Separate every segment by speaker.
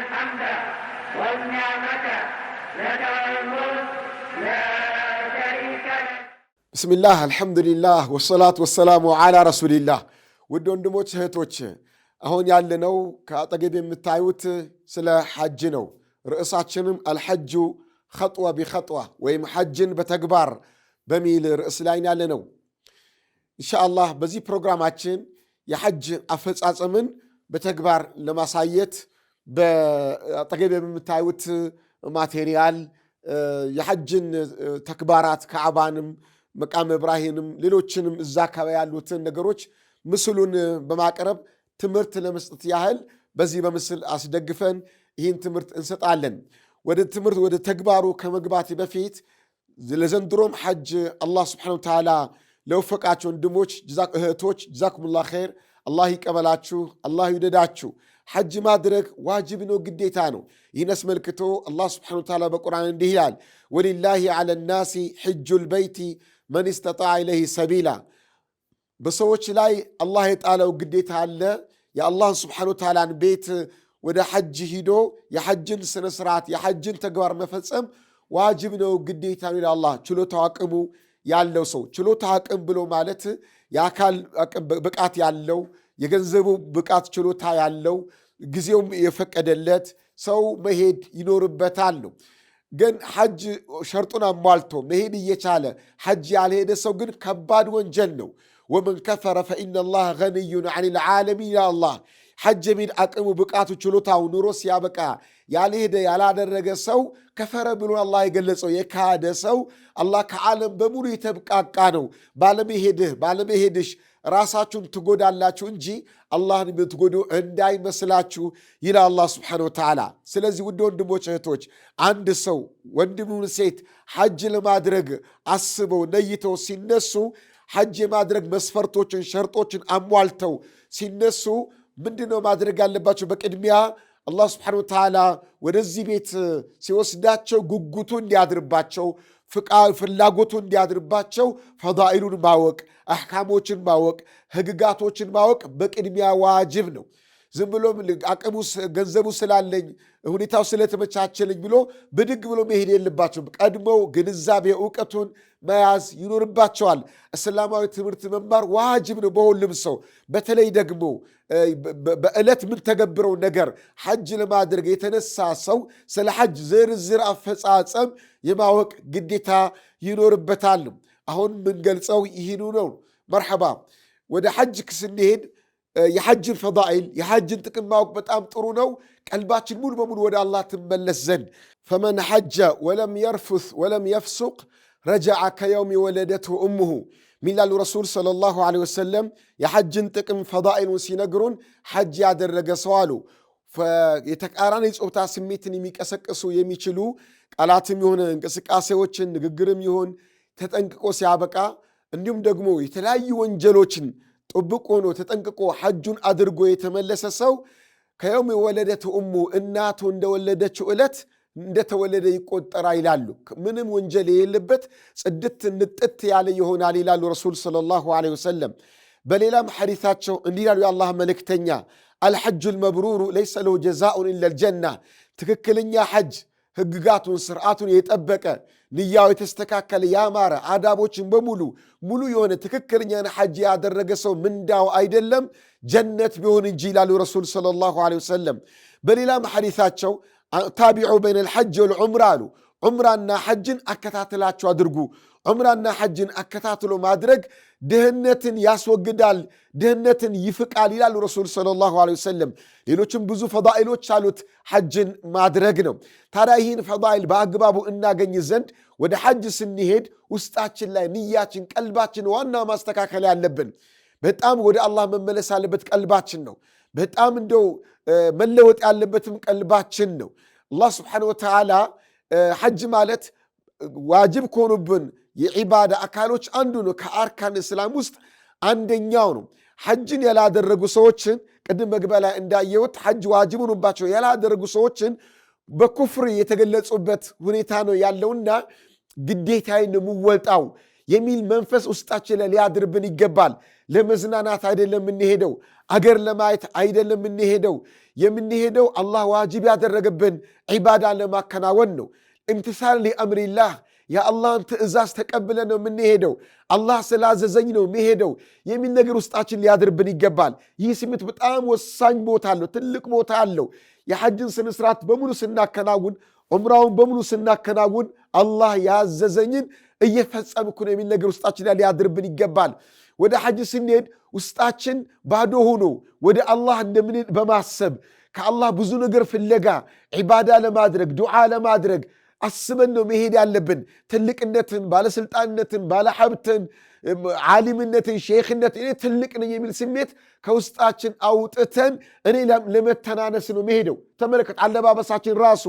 Speaker 1: الحمد والنعمة لك والملك لا شريك لك
Speaker 2: بسم الله الحمد لله والصلاة والسلام على ውድ ወንድሞች እህቶች፣ አሁን ያለነው ከአጠገብ የምታዩት ስለ ሐጅ ነው። ርዕሳችንም አልሐጁ ኸጥዋ ቢኸጥዋ ወይም ሐጅን በተግባር በሚል ርዕስ ላይ ያለ ነው። እንሻአላህ በዚህ ፕሮግራማችን የሐጅ አፈጻጸምን በተግባር ለማሳየት በአጠገብ የምታዩት ማቴሪያል የሐጅን ተክባራት ካዕባንም መቃም እብራሂንም ሌሎችንም እዛ አካባቢ ያሉትን ነገሮች ምስሉን በማቅረብ ትምህርት ለመስጠት ያህል በዚህ በምስል አስደግፈን ይህን ትምህርት እንሰጣለን። ወደ ትምህርት ወደ ተግባሩ ከመግባት በፊት ለዘንድሮም ሐጅ አላህ ስብሓነሁ ወተዓላ ለወፈቃቸው ወንድሞች እህቶች ጀዛኩሙላህ ኸይር፣ አላህ ይቀበላችሁ፣ አላህ ይውደዳችሁ። ሐጅ ማድረግ ዋጅብ ነው፣ ግዴታ ነው። ይህን አስመልክቶ አላህ ስብሓነሁ ወተዓላ በቁርአን እንዲህ ይላል፣ ወሊላሂ ዐለ ናሲ ሕጁ ልበይቲ መን ስተጣዐ ኢለይሂ ሰቢላ። በሰዎች ላይ አላህ የጣለው ግዴታ አለ የአላህን ስብሓነሁ ወተዓላን ቤት ወደ ሐጅ ሂዶ የሐጅን ስነ ስርዓት የሐጅን ተግባር መፈጸም ዋጅብ ነው፣ ግዴታ ነው ይላል አላህ። ችሎታ አቅሙ ያለው ሰው ችሎታ አቅም ብሎ ማለት የአካል ብቃት ያለው የገንዘቡ ብቃት ችሎታ ያለው ጊዜውም የፈቀደለት ሰው መሄድ ይኖርበታል ነው። ግን ሐጅ ሸርጡን አሟልቶ መሄድ እየቻለ ሐጅ ያልሄደ ሰው ግን ከባድ ወንጀል ነው። ወመን ከፈረ ፈኢነ ላህ ገንዩን አን ልዓለሚን ይላላህ። ሐጅ የሚድ አቅሙ ብቃቱ ችሎታው ኑሮ ሲያበቃ ያልሄደ ያላደረገ ሰው ከፈረ ብሎ አላህ የገለጸው የካደ ሰው አላህ ከዓለም በሙሉ የተብቃቃ ነው። ባለመሄድህ ባለመሄድሽ ራሳችሁን ትጎዳላችሁ እንጂ አላህን የምትጎዱ እንዳይመስላችሁ ይላል አላህ ስብሐነሁ ወተዓላ። ስለዚህ ውድ ወንድሞች እህቶች፣ አንድ ሰው ወንድሙን ሴት ሐጅ ለማድረግ አስበው ነይተው ሲነሱ ሐጅ የማድረግ መስፈርቶችን ሸርጦችን አሟልተው ሲነሱ ምንድን ነው ማድረግ ያለባቸው? በቅድሚያ አላህ ስብሐነሁ ወተዓላ ወደዚህ ቤት ሲወስዳቸው ጉጉቱ እንዲያድርባቸው ፍላጎቱ እንዲያድርባቸው ፈዳኢሉን ማወቅ፣ አሕካሞችን ማወቅ፣ ህግጋቶችን ማወቅ በቅድሚያ ዋጅብ ነው። ዝም ብሎ አቅሙ ገንዘቡ ስላለኝ ሁኔታው ስለተመቻቸልኝ ብሎ ብድግ ብሎ መሄድ የለባቸውም። ቀድሞው ግንዛቤ እውቀቱን መያዝ ይኖርባቸዋል። እስላማዊ ትምህርት መማር ዋጅብ ነው በሁሉም ሰው። በተለይ ደግሞ በዕለት የምንተገብረው ነገር ሐጅ ለማድረግ የተነሳ ሰው ስለ ሐጅ ዝርዝር አፈጻጸም የማወቅ ግዴታ ይኖርበታል። አሁን የምንገልጸው ይህኑ ነው። መርሐባ ወደ ሐጅ ስንሄድ የሐጅን ፈዳኢል የሐጅን ጥቅም ማወቅ በጣም ጥሩ ነው። ቀልባችን ሙሉ በሙሉ ወደ አላህ ትመለስ ዘንድ ፈመን ሐጀ ወለም የርፉስ ወለም የፍሱቅ ረጃዐ ከየውም የወለደትሁ እሙሁ ሚላሉ ረሱል ሰለላሁ ዐለይሂ ወሰለም የሐጅን ጥቅም ፈዳኢሉን ሲነግሩን ሐጅ ያደረገ ሰው አሉ የተቃራኒ ጾታ ስሜትን የሚቀሰቅሱ የሚችሉ ቃላትም ይሁን እንቅስቃሴዎችን ንግግርም ይሁን ተጠንቅቆ ሲያበቃ እንዲሁም ደግሞ የተለያዩ ወንጀሎችን ጥብቅ ሆኖ ተጠንቅቆ ሐጁን አድርጎ የተመለሰ ሰው ከየውም የወለደት እሙ እናቱ እንደወለደችው ዕለት እንደተወለደ ይቆጠራ ይላሉ። ምንም ወንጀል የሌለበት ጽድት ንጥት ያለ ይሆናል ይላሉ ረሱል ሰለላሁ ዐለይሂ ወሰለም። በሌላም ሐዲታቸው እንዲህ ይላሉ የአላህ መልእክተኛ አልሐጁ ልመብሩሩ ለይሰ ለሁ ጀዛኡን ኢለልጀና ትክክለኛ ሐጅ ህግጋቱን ስርዓቱን የጠበቀ ንያው የተስተካከለ ያማረ አዳቦችን በሙሉ ሙሉ የሆነ ትክክለኛን ሐጅ ያደረገ ሰው ምንዳው አይደለም ጀነት ቢሆን እንጂ ይላሉ ረሱል ሰለላሁ ዐለይሂ ወሰለም። በሌላም ሐዲታቸው ታቢዑ በይነ ልሐጅ ወልዑምራ አሉ። ዑምራና ሐጅን አከታትላችሁ አድርጉ። ዑምራና ሐጅን አከታትሎ ማድረግ ድህነትን ያስወግዳል፣ ድህነትን ይፍቃል ይላሉ ረሱል ሰለላሁ ዐለይሂ ወሰለም። ሌሎችም ብዙ ፈዳኢሎች አሉት ሐጅን ማድረግ ነው። ታዲያ ይህን ፈዳኢል በአግባቡ እናገኝ ዘንድ ወደ ሐጅ ስንሄድ ውስጣችን ላይ ንያችን፣ ቀልባችን ዋና ማስተካከል ያለብን በጣም ወደ አላህ መመለስ ያለበት ቀልባችን ነው። በጣም እንደው መለወጥ ያለበትም ቀልባችን ነው። አላህ ስብሓነሁ ወተዓላ ሐጅ ማለት ዋጅብ ከሆኑብን የዒባዳ አካሎች አንዱ ነው። ከአርካን እስላም ውስጥ አንደኛው ነው። ሐጅን ያላደረጉ ሰዎችን ቅድም መግቢያ ላይ እንዳየሁት ሐጅ ዋጅብ ሆኑባቸው ያላደረጉ ሰዎችን በኩፍር የተገለጹበት ሁኔታ ነው ያለውና ግዴታዬን ነው የምወጣው የሚል መንፈስ ውስጣችን ላይ ሊያድርብን ይገባል። ለመዝናናት አይደለም የምንሄደው፣ አገር ለማየት አይደለም የምንሄደው። የምንሄደው አላህ ዋጅብ ያደረገብን ዒባዳ ለማከናወን ነው። እምትሳል ሊአምሪላህ የአላህን ትእዛዝ ተቀብለን ነው የምንሄደው። አላህ ስላዘዘኝ ነው የምሄደው የሚል ነገር ውስጣችን ሊያድርብን ይገባል። ይህ ስሜት በጣም ወሳኝ ቦታ አለው፣ ትልቅ ቦታ አለው። የሐጅን ስነስርዓት በሙሉ ስናከናውን፣ ዑምራውን በሙሉ ስናከናውን አላህ ያዘዘኝን እየፈጸምኩ ነው የሚል ነገር ውስጣችን ሊያድርብን ይገባል። ወደ ሐጅ ስንሄድ ውስጣችን ባዶ ሆኖ ወደ አላህ እንደምን በማሰብ ከአላህ ብዙ ነገር ፍለጋ ዒባዳ ለማድረግ ዱዓ ለማድረግ አስበን ነው መሄድ ያለብን። ትልቅነትን፣ ባለስልጣንነትን፣ ባለሀብትን፣ ዓሊምነትን፣ ሼክነት እኔ ትልቅ ነኝ የሚል ስሜት ከውስጣችን አውጥተን እኔ ለመተናነስ ነው መሄደው። ተመለከት አለባበሳችን ራሱ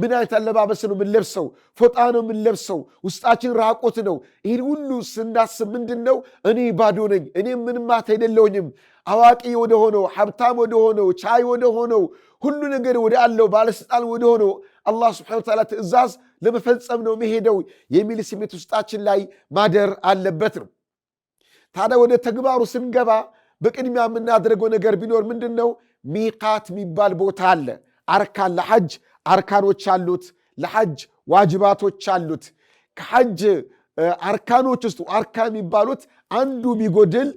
Speaker 2: ምን አይነት አለባበስ ነው የምንለብሰው? ፎጣ ነው የምንለብሰው? ውስጣችን ራቆት ነው። ይህን ሁሉ ስናስብ ምንድን ነው እኔ ባዶ ነኝ፣ እኔ ምንማት አይደለውኝም። አዋቂ ወደሆነው ሀብታም ወደሆነው ቻይ ወደሆነው ሁሉ ነገር ወደ አለው ባለስልጣን ወደሆነው አላህ ስብሐነሁ ወተዓላ ትእዛዝ ለመፈጸም ነው መሄደው የሚል ስሜት ውስጣችን ላይ ማደር አለበት ነው። ታዲያ ወደ ተግባሩ ስንገባ በቅድሚያ የምናደርገው ነገር ቢኖር ምንድን ነው? ሚቃት የሚባል ቦታ አለ። አርካን ሐጅ አርካኖች አሉት። ለሐጅ ዋጅባቶች አሉት። ከሐጅ አርካኖች ውስጥ አርካ የሚባሉት አንዱ ቢጎድል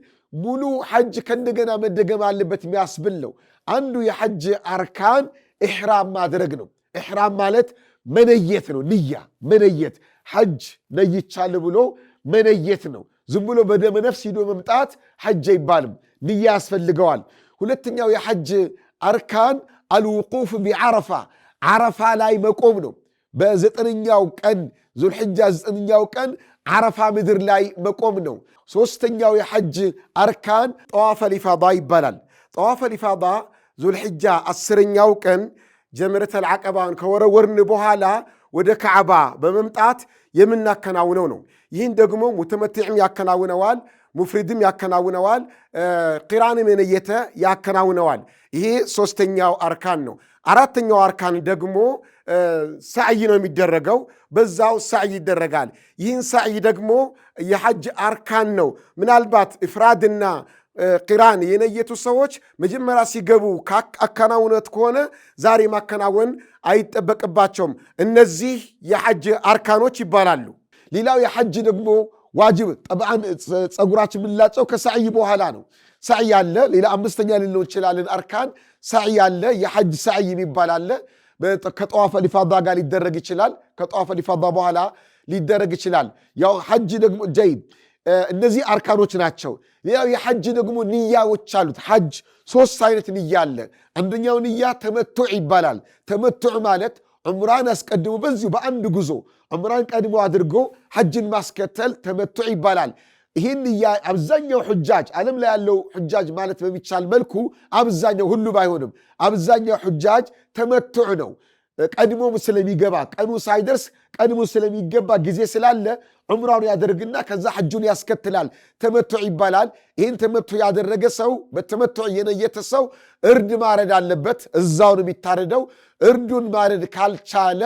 Speaker 2: ሙሉ ሐጅ ከእንደገና መደገም አለበት የሚያስብል ነው። አንዱ የሐጅ አርካን ኢሕራም ማድረግ ነው። ኢሕራም ማለት መነየት ነው። ንያ መነየት፣ ሐጅ ነይቻል ብሎ መነየት ነው። ዝም ብሎ በደመ ነፍስ ሂዶ መምጣት ሐጅ አይባልም። ንያ ያስፈልገዋል። ሁለተኛው የሐጅ አርካን አልውቁፍ ቢዓረፋ አረፋ ላይ መቆም ነው። በዘጠነኛው ቀን ዙልሕጃ ዘጠነኛው ቀን አረፋ ምድር ላይ መቆም ነው። ሶስተኛው የሐጅ አርካን ጠዋፈ ኢፋዳ ይባላል። ጠዋፈ ኢፋዳ ዙልሕጃ አስረኛው ቀን ጀምረተል ዓቀባን ከወረወርን በኋላ ወደ ካዕባ በመምጣት የምናከናውነው ነው። ይህን ደግሞ ሙተመቲዕም ያከናውነዋል። ሙፍሪድም ያከናውነዋል፣ ቂራንም የነየተ ያከናውነዋል። ይሄ ሶስተኛው አርካን ነው። አራተኛው አርካን ደግሞ ሳዕይ ነው የሚደረገው። በዛው ሳዕይ ይደረጋል። ይህን ሳዕይ ደግሞ የሐጅ አርካን ነው። ምናልባት እፍራድና ቂራን የነየቱ ሰዎች መጀመሪያ ሲገቡ አከናውነት ከሆነ ዛሬ ማከናወን አይጠበቅባቸውም። እነዚህ የሐጅ አርካኖች ይባላሉ። ሌላው የሐጅ ደግሞ ዋጅብ ጠብዓን ፀጉራችን የምንላጨው ከሳዕይ በኋላ ነው። ሳዕይ አለ፣ ሌላ አምስተኛ ልንለው እንችላለን። አርካን ሳዕይ አለ፣ የሐጅ ሳዕይ የሚባል አለ። ከጠዋፈ ሊፋዳ ጋር ሊደረግ ይችላል። ከጠዋፈ ሊፋዳ በኋላ ሊደረግ ይችላል። ያው ሐጅ ደግሞ ጀይብ። እነዚህ አርካኖች ናቸው። ሌላው የሐጅ ደግሞ ንያዎች አሉት። ሐጅ ሶስት አይነት ንያ አለ። አንደኛው ንያ ተመቱዕ ይባላል። ተመቱዕ ማለት ዕምራን አስቀድሞ በዚሁ በአንድ ጉዞ ዕምራን ቀድሞ አድርጎ ሐጅን ማስከተል ተመቱዕ ይባላል። ይህን አብዛኛው ሑጃጅ ዓለም ላይ ያለው ሑጃጅ ማለት በሚቻል መልኩ አብዛኛው ሁሉ ባይሆንም አብዛኛው ሑጃጅ ተመቱዕ ነው። ቀድሞ ስለሚገባ ቀኑ ሳይደርስ ቀድሞ ስለሚገባ ጊዜ ስላለ ዑምራውን ያደርግና ከዛ ሐጁን ያስከትላል። ተመቶ ይባላል። ይህን ተመቶ ያደረገ ሰው በተመቶ የነየተ ሰው እርድ ማረድ አለበት። እዛው ነው የሚታረደው። እርዱን ማረድ ካልቻለ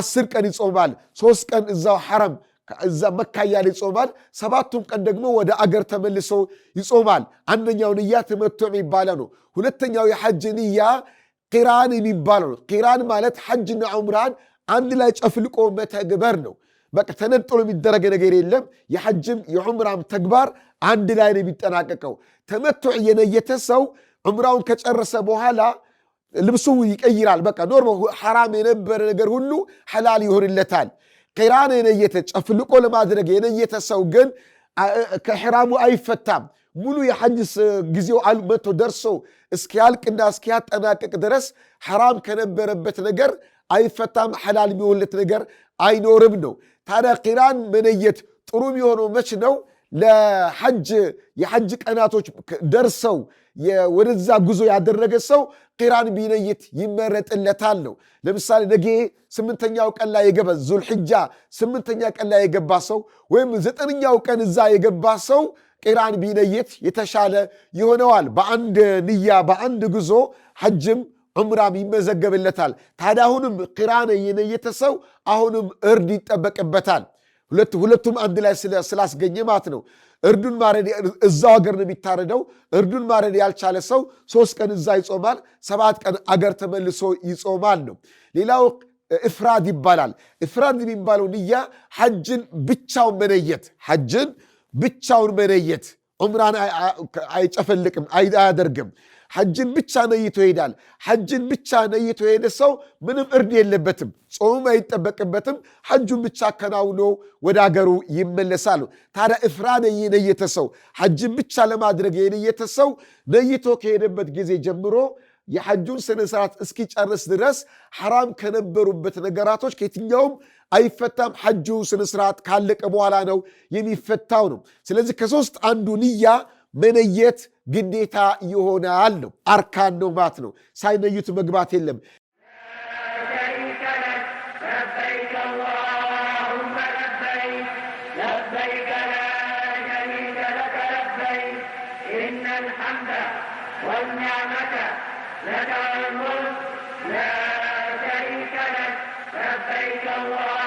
Speaker 2: አስር ቀን ይጾማል። ሶስት ቀን እዛው ሐረም እዛ መካ እያለ ይጾማል። ሰባቱም ቀን ደግሞ ወደ አገር ተመልሶ ይጾማል። አንደኛው ንያ ተመቶ ይባለ ነው። ሁለተኛው የሐጅ ንያ ቂራን የሚባለው ነው። ቂራን ማለት ሐጅና ዑምራን አንድ ላይ ጨፍልቆ መተግበር ነው። በቃ ተነጥሎ የሚደረገ ነገር የለም። የሐጅም የዑምራም ተግባር አንድ ላይ ነው የሚጠናቀቀው። ተመቱዕ የነየተ ሰው ዑምራውን ከጨረሰ በኋላ ልብሱ ይቀይራል። በቃ ኖርማል ሐራም የነበረ ነገር ሁሉ ሐላል ይሆንለታል። ቂራን የነየተ ጨፍልቆ ለማድረግ የነየተ ሰው ግን ከሕራሙ አይፈታም። ሙሉ የሐዲስ ጊዜው አልመቶ ደርሶ እስኪያልቅና እስኪያጠናቅቅ ድረስ ሐራም ከነበረበት ነገር አይፈታም፣ ሐላል የሚሆንለት ነገር አይኖርም ነው። ታዲያ ቂራን መነየት ጥሩ የሚሆነው መች ነው? ለሐጅ የሐጅ ቀናቶች ደርሰው ወደዛ ጉዞ ያደረገ ሰው ቂራን ቢነይት ይመረጥለታል ነው። ለምሳሌ ነገ ስምንተኛው ቀን ላይ የገባ ዙልሕጃ ስምንተኛ ቀን ላይ የገባ ሰው ወይም ዘጠነኛው ቀን እዛ የገባ ሰው ቂራን ቢለየት የተሻለ ይሆነዋል። በአንድ ንያ በአንድ ጉዞ ሐጅም ዑምራም ይመዘገብለታል። ታዲያ አሁንም ቂራን የነየተ ሰው አሁንም እርድ ይጠበቅበታል። ሁለቱም አንድ ላይ ስላስገኘ ማለት ነው። እርዱን ማረድ እዛው ሀገር ነው የሚታረደው። እርዱን ማረድ ያልቻለ ሰው ሶስት ቀን እዛ ይጾማል፣ ሰባት ቀን አገር ተመልሶ ይጾማል ነው። ሌላው እፍራድ ይባላል። እፍራድ የሚባለው ንያ ሐጅን ብቻውን መነየት ሐጅን ብቻውን መነየት ዑምራን አይጨፈልቅም፣ አያደርግም። ሐጅን ብቻ ነይቶ ይሄዳል። ሐጅን ብቻ ነይቶ የሄደ ሰው ምንም እርድ የለበትም፣ ጾምም አይጠበቅበትም። ሐጁን ብቻ ከናውኖ ወደ አገሩ ይመለሳሉ። ታዲያ እፍራን የነየተ ሰው ሐጅን ብቻ ለማድረግ የነየተ ሰው ነይቶ ከሄደበት ጊዜ ጀምሮ የሐጁን ስነ ስርዓት እስኪጨርስ ድረስ ሐራም ከነበሩበት ነገራቶች ከየትኛውም አይፈታም። ሐጁ ስነ ስርዓት ካለቀ በኋላ ነው የሚፈታው ነው። ስለዚህ ከሶስት አንዱ ንያ መነየት ግዴታ ይሆናል ነው። አርካን ነው ማለት ነው። ሳይነዩት መግባት የለም።
Speaker 1: لك الملك لا شريك لك لبيك الله